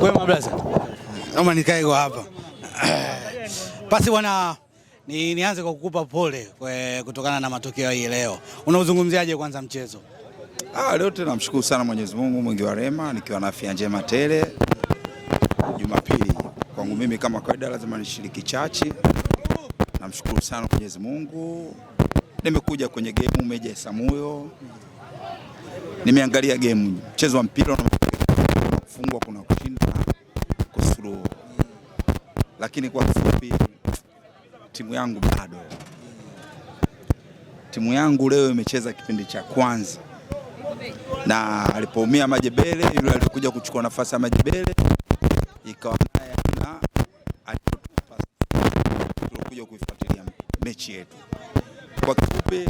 Kwema blaza, naomba nikae kwa hapa basi bwana. Ni, nianze kwa kukupa pole kwe, kutokana na matokeo hii leo. Unauzungumziaje kwanza mchezo? Ah, leo tena namshukuru sana Mwenyezi Mungu mwingi wa rehema, nikiwa na afya njema tele. Jumapili kwangu mimi kama kawaida lazima nishiriki chachi. Namshukuru sana Mwenyezi Mungu, nimekuja kwenye game Meja Samuyo, nimeangalia game, mchezo wa mpira unafungwa, kuna kushinda lakini kwa kifupi, timu yangu bado, timu yangu leo imecheza kipindi cha kwanza, na alipoumia Majebele, yule alikuja kuchukua nafasi ya Majebele, ikawa naye na alipotupa tulikuja kuifuatilia mechi yetu. Kwa kifupi,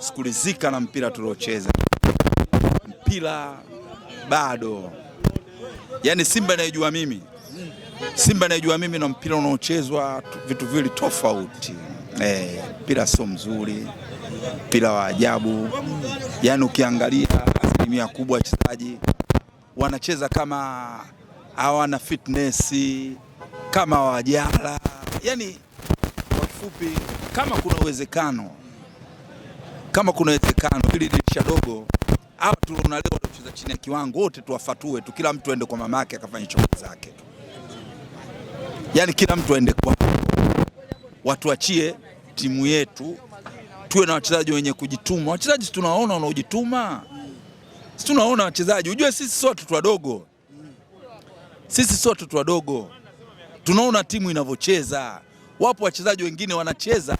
sikulizika na mpira tuliocheza, mpira bado, yaani Simba naijua mimi Simba najua mimi na mpira unaochezwa vitu viwili tofauti. Eh, mpira sio mzuri, mpira wa ajabu. Yaani ukiangalia asilimia kubwa wachezaji wanacheza kama hawana fitness, kama wajala. Yaani kwa kifupi, kama kuna uwezekano kama kuna uwezekano ili dirisha dogo hawa tuliona leo wanacheza chini ya kiwango, wote tuwafatue tu, kila mtu aende kwa mama yake akafanya shughuli zake tu yani kila mtu aende kwao watuachie timu yetu, tuwe na wachezaji wenye kujituma. Wachezaji tunaona wanaojituma, si tunaona wachezaji. Ujue sisi sio watoto wadogo, sisi sio watoto wadogo, tunaona timu inavyocheza. Wapo wachezaji wengine wanacheza,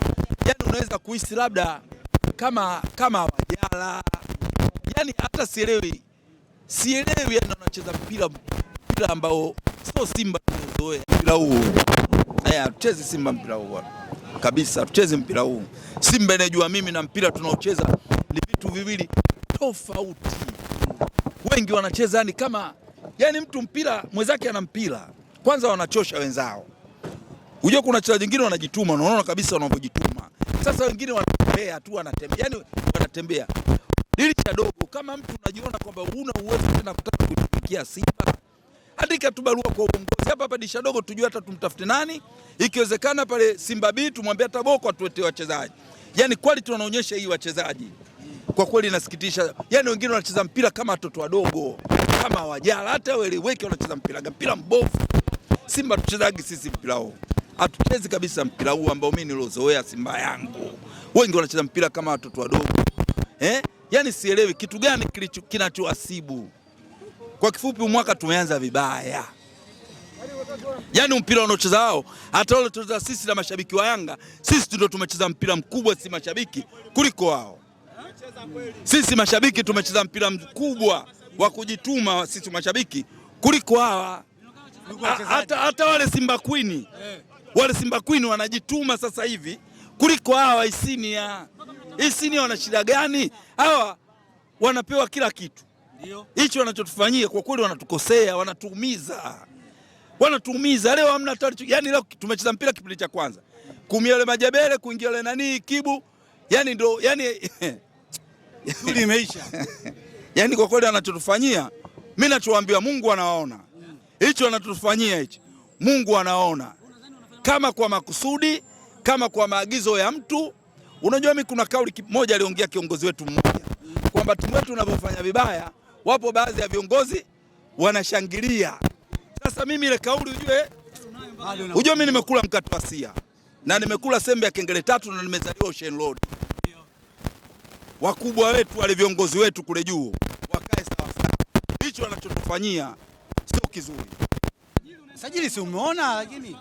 yani unaweza kuhisi labda kama kama wajala, yani hata sielewi, sielewi, yani wanacheza mpira mpira ambao sio Simba tuzoe mpira huu. Eh, hatuchezi Simba mpira huu bwana. Kabisa hatuchezi mpira huu. Simba inajua mimi na mpira tunaocheza ni vitu viwili tofauti. Wengi wanacheza yani kama yani mtu mpira mwenzake ana mpira. Kwanza wanachosha wenzao. Unajua kuna wachezaji wengine wanajituma, unaona kabisa wanavyojituma. Sasa wengine wanatembea tu wanatembea. Yani wanatembea. Dirisha dogo kama mtu unajiona kwamba una uwezo tena kutaka kuitumikia Simba andika tu barua kwa uongozi hapa hapa dirisha dogo, tujue hata tumtafute nani, ikiwezekana pale Simba B tumwambie hata Boko atuletee wachezaji. Yani quality wanaonyesha hii wachezaji kwa kweli inasikitisha. Yani wengine wanacheza mpira kama watoto wadogo, kama wajala, hata weleweke wanacheza mpira, mpira mbovu. Simba tuchezagi sisi mpira huo? hatuchezi kabisa mpira huu ambao mimi nilozoea Simba yangu. Wengi wanacheza mpira kama watoto wadogo eh? Yani sielewi kitu gani kinachoasibu kwa kifupi, mwaka tumeanza vibaya, yaani mpira unaocheza wao hata wale tunacheza sisi na mashabiki wa Yanga, sisi ndio tumecheza mpira mkubwa, si mashabiki kuliko wao. Sisi mashabiki tumecheza mpira mkubwa wa kujituma, sisi mashabiki kuliko hawa. Hata hata wale Simba Queen wale Simba Queen wanajituma sasa hivi kuliko hawa Isinia. Isinia wana shida gani? Hawa wanapewa kila kitu Hicho wanachotufanyia kwa kweli, wanatukosea, wanatuumiza, wanatuumiza. Leo hamna hata yani leo tumecheza mpira kipindi cha kwanza, kumia yule majabele kuingia yule nani kibu, yani ndo yani suli imeisha yani kwa kweli anachotufanyia, mimi nachowaambia, Mungu anaona hicho anachotufanyia hichi, Mungu anaona kama kwa makusudi, kama kwa maagizo ya mtu. Unajua, mimi kuna kauli moja aliongea kiongozi wetu mmoja kwamba timu yetu unavyofanya vibaya wapo baadhi ya viongozi wanashangilia. Sasa mimi ile kauli ujue, ujue mimi nimekula mkate wa sia na nimekula sembe ya kengele tatu na nimezaliwa Ocean Road. Wakubwa wetu wale viongozi wetu kule juu wakae sawa sawa, hicho wanachotufanyia sio kizuri. Sajili si umeona, lakini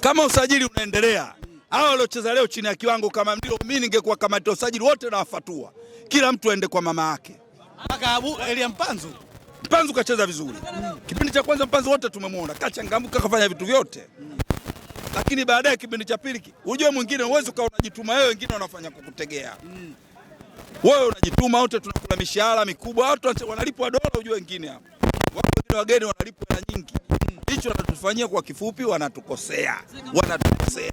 kama usajili unaendelea hao waliocheza leo chini ya kiwango, kama ndio mimi ningekuwa kamati ya usajili wote nawafatua, kila mtu aende kwa mama yake mpaka Abu Elia Mpanzu. Mpanzu kacheza vizuri. Kipindi cha kwanza Mpanzu wote tumemwona, kachangamka kafanya vitu vyote. Lakini baadaye kipindi cha pili, unajua mwingine uweze ukawa unajituma wewe, wengine wanafanya kukutegea. Wewe unajituma, wote tunakula mishahara mikubwa, watu wanalipwa dola, unajua wengine hapo. Wako wengine wageni wanalipwa hela nyingi. Hicho wanatufanyia kwa kifupi, wanatukosea. Wanatukosea.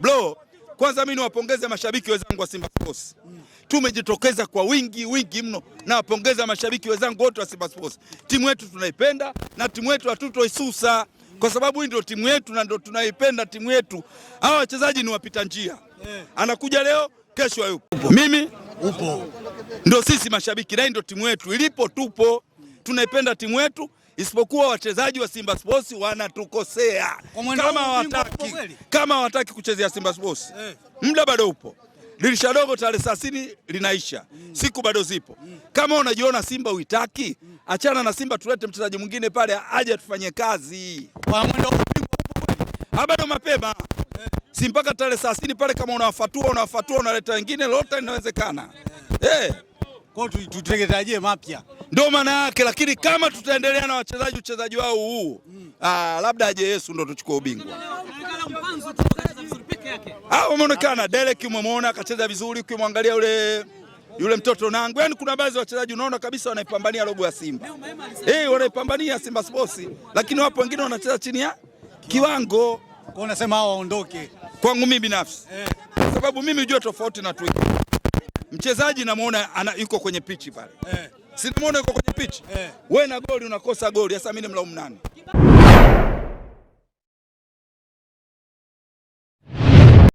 Bro, kwanza mimi niwapongeze mashabiki wenzangu wa Simba Sports tumejitokeza kwa wingi wingi mno. Nawapongeza mashabiki wenzangu wote wa Simba Sports. Timu yetu tunaipenda na timu yetu hatutoisusa kwa sababu hii ndio timu yetu na ndio tunaipenda timu yetu. Hawa wachezaji ni wapita njia, eh. anakuja leo, kesho hayupo. Mimi upo, ndio sisi mashabiki, na hii ndio timu yetu ilipo, tupo, tunaipenda timu yetu, isipokuwa wachezaji wa Simba Sports wanatukosea. Kama hawataki kama hawataki kuchezea Simba Sports, eh. muda bado upo dirisha dogo tarehe 30 linaisha, siku bado zipo. Kama unajiona Simba uitaki, achana na Simba, tulete mchezaji mwingine pale aje tufanye kazi kwa mwendo bado mapema, si mpaka tarehe 30 pale. Kama unawafatua unawafatua, unaleta wengine, lolote inawezekana eh. Kwa hiyo eh. mapya, ndio maana yake. Lakini kama tutaendelea na wachezaji uchezaji wao huu, mm. ah, labda aje Yesu ndo tuchukue ubingwa. Ah, umeonekana Derek, umemwona akacheza vizuri, ukimwangalia yule yule mtoto nangu, yaani kuna baadhi ya wachezaji unaona kabisa wanaipambania robo ya Simba eh, wanaipambania Simba Sports, lakini wapo wengine wanacheza chini ya kiwango. Kwa unasema hao waondoke? Kwangu mimi binafsi eh, kwa sababu mimi hujua tofauti na tu. mchezaji namuona yuko kwenye pichi pale eh, Sinamuona yuko kwenye pichi eh, wewe na goli unakosa goli. Sasa mimi ni mlaumu nani?